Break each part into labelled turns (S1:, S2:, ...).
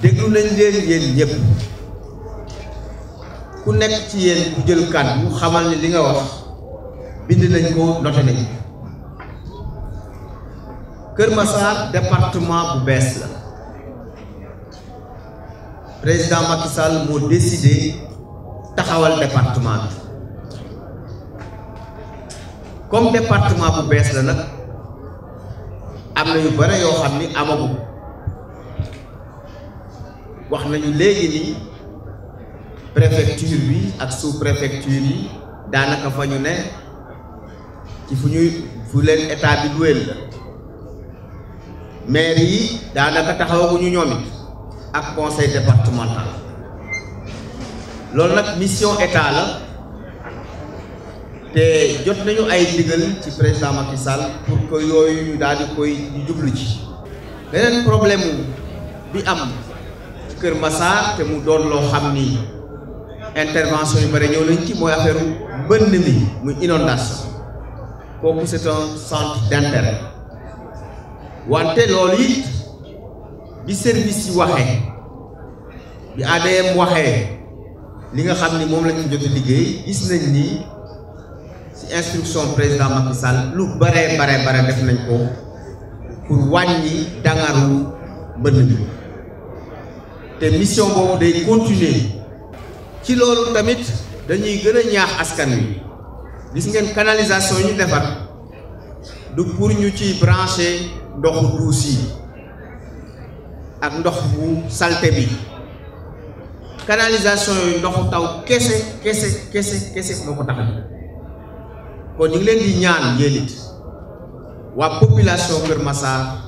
S1: déglu nañ leen yéen ñëpp ku nekk ci yéen ku jël kàddu xamal ne li nga wax bind nañ ko noté nañ Kër Massar département bu bees la président Macky Sall moo décidé taxawal département bi comme département bu bees la nag am na yu yoo xam ni wax nañu préfecture bi ak sous-préfecture yi état la maire yi conseil départemental lool nak mission la jot nañu ay ci président Macky pour que yoyu ñu dal di koy jublu ci problème Kër Massar te mu doon loo xam intervention yu bëri ñëw nañ ci mooy affaire mbënn mi muy inondation c'est un centre d'intérêt wante loli it bi service yi waxee bi ADM waxee li nga xam ni lañ ko liggéey gis nañ ni ci instruction président Macky Sall lu bare bare bare def nañ ko pour wàññi dangaru mbënn mi des missions boobu des continuer ci loolu tamit dañuy gëna ñaax askan wi gis ngeen canalisation ñu defar du pour ñu ci brancher ndoxu duus ak ndox bu salté bi canalisation yooyu ndoxu taw kessé kessé kessé kessé moo ko tax kon ñu ngi leen di ñaan yéen Wa population Kër Massar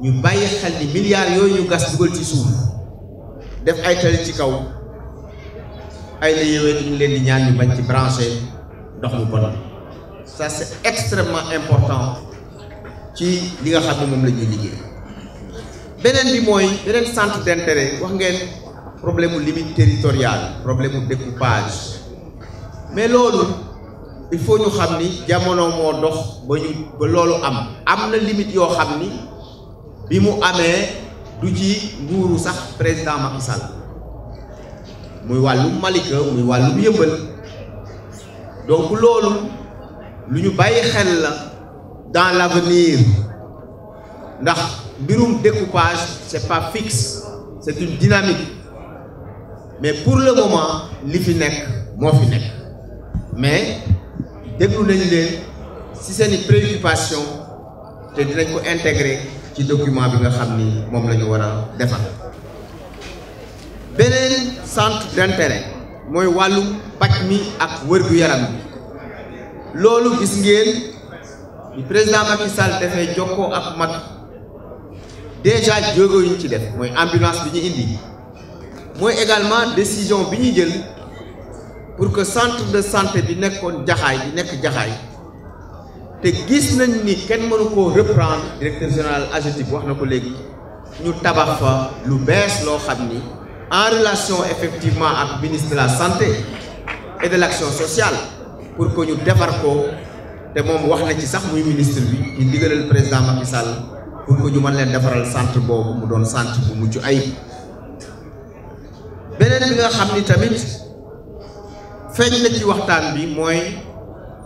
S1: ñu bàyyi xel ni milliards yooyu ñu gas dugal ci suuf def ay tali ci kaw ay la yéwén ñu leen di ñaan ñu bañ ci branché ndox mu bon ça c'est extrêmement important ci li nga xam ne moom lañuy liggéey beneen bi mooy beneen sant d'intérêt wax ngeen problème mu limite territoriale problème mu découpage mais loolu faut ñu xam ni jamono moo dox ba ñu ba loolu am am na limite yoo xam ni bi mu amee. duci ci nguuru sax président Macky Sall muy Malika muy wàllum yëmbal donc loolu lu ñu bàyyi xel la dans l'avenir ndax birum découpage c'est pas fixe c'est une dynamique mais pour le moment li fi nekk moo fi nekk mais si c'est une ci seeni préoccupation te dinañ ko intégrer ci document bi nga xam ni moom la ñu war a defar beneen centre d'intérêt mooy wàllum paj mi ak wër-gu-yaram bi loolu gis ngeen ni président Macky Sall defee jokkoo ak mag déjà jóge yi ñu ci def mooy ambulance bi ñu indi mooy également décision bi ñu jël pour que centre de santé bi nekkoon jaxaay bi nekk jaxaay te gis nañ ni ken mënu koo reprendre directeur général AGETIP wax na ko léegi ñu tabax fa lu bees loo xam en relation effectivement ak ministre de la santé et de l'action sociale pour que ñu defar ko te moom wax na ci sax muy ministre bi ñu le président Macky Sall pour que ñu mën leen defaral centre boobu mu doon centre bu mucc ayib beneen bi nga xam ni tamit feeñ na ci waxtaan bi mooy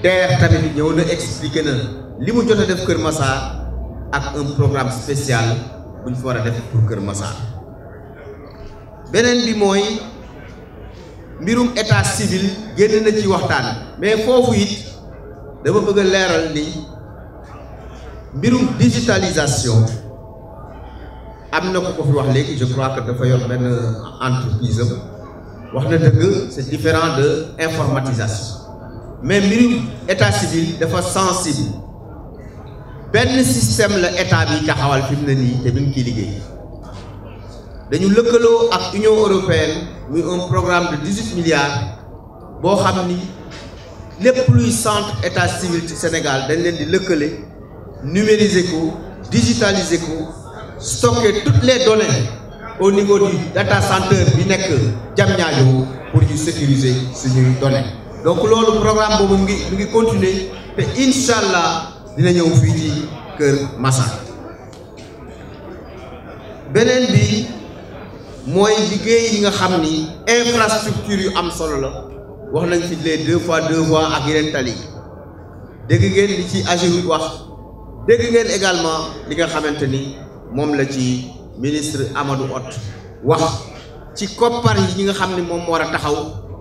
S1: DER tamit ñëw na expliqué na li mu jot a def Kër Massar ak un programme spécial buñ fi war a def pour Kër Massar beneen bi mooy mbirum état civil génn na ci waxtaan mais foofu it dama bëgg a leeral ni mbirum digitalisation am na ko ko fi wax léegi je crois dafa yor benn entreprise wax na dëgg c'est différent de informatisation mais les état civil dafa sensible le système la état bi taxawal fi mu ne nii te nous ki liguey dañu lëkkaloo ak européenne un programme de 18 milliards pour xamni les plus luy centre état civil ci Sénégal dañ leen di numériser ko digitaliser ko stocker toutes les données au niveau du data center bi nek pour sécuriser ces données. donc loolu programme boobu mu ngi mu ngi continuer te incha dina ñëw fii ci Kër Massar beneen bi mooy liggéey yi nga xam ni infrastructure yu am solo la wax nañ ci les deux fois deux voies ak yeneen tali dégg ngeen li ci Ageroute wax dégg ngeen également li nga xamante ni moom la ci ministre Amadou Hott wax ci koppar yi nga xam ni moom moo war a taxaw.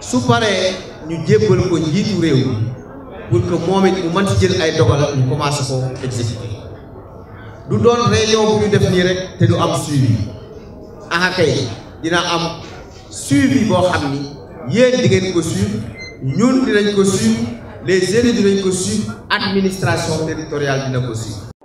S1: su paree ñu jébbal ko njiitu réew mi pour que moom it mu mën ci jël ay dogal ñu commencé ko exécuter du doon réunion bu ñu def nii rek te du am suivi aha kay dina am suivi boo xam ni yéen di ngeen ko suivre ñun dinañ ko suivre les élus dinañ ko suivre administration territoriale dina ko suivre